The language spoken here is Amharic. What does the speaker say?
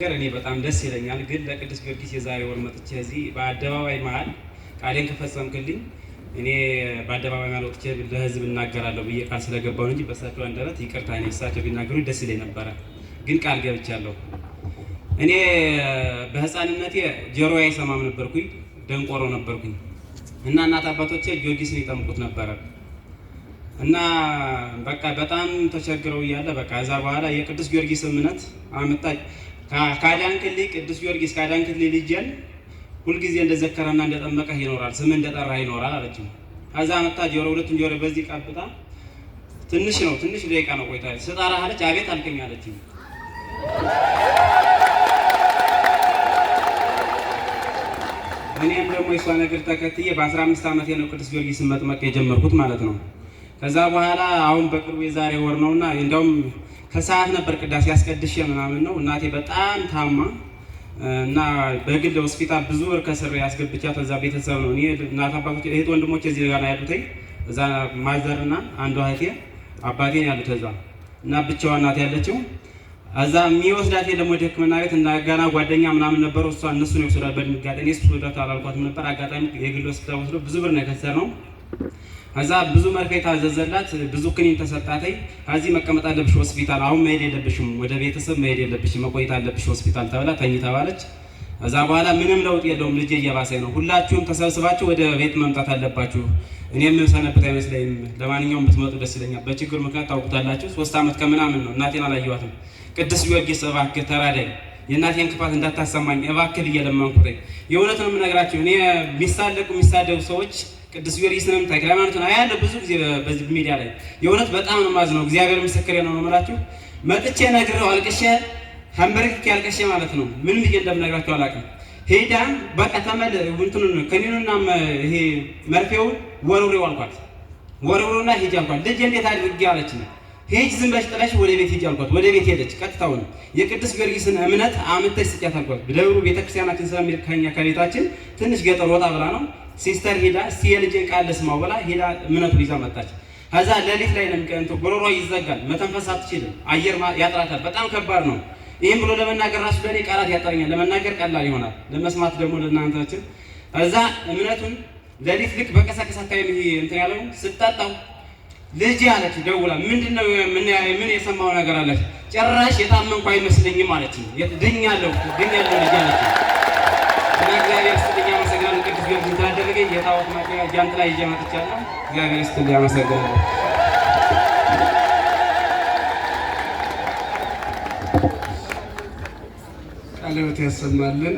ነገር እኔ በጣም ደስ ይለኛል። ግን ለቅዱስ ጊዮርጊስ የዛሬ ወር መጥቼ እዚህ በአደባባይ መሀል ቃሌን ከፈጸምክልኝ እኔ በአደባባይ መሀል ወጥቼ ለህዝብ እናገራለሁ ብዬ ቃል ስለገባሁ እንጂ በእሳቸው አንደረት ይቅርታ፣ እኔ እሳቸው ቢናገሩኝ ደስ ይለኝ ነበረ። ግን ቃል ገብቻለሁ። እኔ በህፃንነቴ ጆሮ አይሰማም ነበርኩኝ፣ ደንቆሮ ነበርኩኝ እና እናት አባቶቼ ጊዮርጊስን ይጠምቁት ነበረ እና በቃ በጣም ተቸግረው እያለ በቃ እዛ በኋላ የቅዱስ ጊዮርጊስ እምነት አመጣ ከአዳን ካዳንክልኝ ቅዱስ ጊዮርጊስ ከአዳን ካዳንክልኝ ልጄን ሁልጊዜ እንደዘከረና እንደጠመቀ ይኖራል፣ ስም እንደጠራ ይኖራል አለችው። ከዛ መታ ጆሮ ሁለቱም ጆሮ በዚህ ቀብታ ትንሽ ነው ትንሽ ደቂቃ ነው ቆይታ ስጠራህ አለች። አቤት አልከኝ አለችኝ። እኔም ደግሞ የሷ ነገር ተከትዬ በ15 ዓመት ነው ቅዱስ ጊዮርጊስ መጥመቅ የጀመርኩት ማለት ነው። ከዛ በኋላ አሁን በቅርቡ የዛሬ ወር ነውና እንደውም ከሰዓት ነበር ቅዳሴ ያስቀድሽ ምናምን ነው። እናቴ በጣም ታማ እና በግል ሆስፒታል ብዙ ወር ከስር ያስገብቻት እዛ ቤተሰብ ነው እናት አባቶች እህት ወንድሞች እዚህ ጋር ያሉትኝ እዛ ማዘርና አንዷ እህቴ አባቴን ያሉት እዛ እና ብቻዋ እናት ያለችው እዛ የሚወስዳት ደግሞ ወደ ሕክምና ቤት እና ገና ጓደኛ ምናምን ነበረው እሷ እነሱን ይወስዳል በድንጋጤ እኔ እሱ ወዳት አላልኳትም ነበር። አጋጣሚ የግል ሆስፒታል ወስዶ ብዙ ብር ነው የከሰር ነው ከዛ ብዙ መርፌ ታዘዘላት፣ ብዙ ክኒን ተሰጣተኝ። ከዚህ መቀመጥ አለብሽ ሆስፒታል፣ አሁን መሄድ የለብሽም፣ ወደ ቤተሰብ መሄድ የለብሽም፣ መቆየት አለብሽ ሆስፒታል ተብላ ተኝ ተባለች። ከዛ በኋላ ምንም ለውጥ የለውም፣ ልጅ እየባሰኝ ነው፣ ሁላችሁም ተሰብስባችሁ ወደ ቤት መምጣት አለባችሁ፣ እኔ የምሰነብት አይመስለኝም፣ ለማንኛውም ብትመጡ ደስ ይለኛል። በችግር ምክንያት ታውቁታላችሁ፣ ሶስት ዓመት ከምናምን ነው፣ እናቴን አላየኋትም። ቅዱስ ጊዮርጊስ እባክህ ተራዳኝ፣ የእናቴን ክፋት እንዳታሰማኝ እባክህ ብዬ የእውነት ነው የምነግራችሁ እኔ የሚሳለቁ የሚሳደቡ ሰዎች ቅዱስ ጊዮርጊስንም ተክለ ሃይማኖትን አያለሁ ብዙ ጊዜ በዚህ ሚዲያ ላይ የእውነት በጣም ነው የማዝነው። እግዚአብሔር ምስክሬ ነው የምላችሁ። መጥቼ ነግረው አልቅሼ ተንበርክኬ አልቅሼ ማለት ነው። ምን ብዬ እንደምነግራቸው አላውቅም። ሄዳም በቃ ተመል እንትኑን ከኒኑና ይሄ መርፌውን ወርውሬው አልኳት። ወርውሬውና ሂጅ አልኳት። ልጅ እንዴት አድርጌ አለች ነው ሄጅ ዝም ብለሽ ጥለሽ ወደ ቤት ሂጅ አልኳት። ወደ ቤት ሄደች። ቀጥታውን የቅዱስ ጊዮርጊስን እምነት አምተሽ ስጫት አልኳት። ደብሩ ቤተክርስቲያናችን ስለሚልካኛ ከቤታችን ትንሽ ገጠር ወጣ ብላ ነው ሲስተር ሄዳ እስቲ የልጄ ቃል ልስማው ብላ ሄዳ እምነቱን ይዛ መጣች። ከዛ ሌሊት ላይ ነው ጉሮሮ ይዘጋል፣ መተንፈስ አትችልም፣ አየር ያጥራታል። በጣም ከባድ ነው። ይህም ብሎ ለመናገር ራሱ ለእኔ ቃላት ያጠረኛል። ለመናገር ቀላል ይሆናል፣ ለመስማት ደግሞ ለእናንታችን። ከዛ እምነቱን ሌሊት ልክ በቀሳቀስ አካባቢ እንትን ያለው ስጠጣው ልጅ አለች ደውላ፣ ምንድን ነው ምን የሰማው ነገር አለች። ጭራሽ የታመንኩ አይመስለኝም አለች። ድኛለሁ ድኛለሁ ልጅ አለች እና እግዚአብሔር አድርጌ የታወት ማቅያ ጃንጥላ ይዤ መጥቻለሁ። እግዚአብሔር ይስጥልኝ፣ አመሰግናለሁ። ያሰማልን።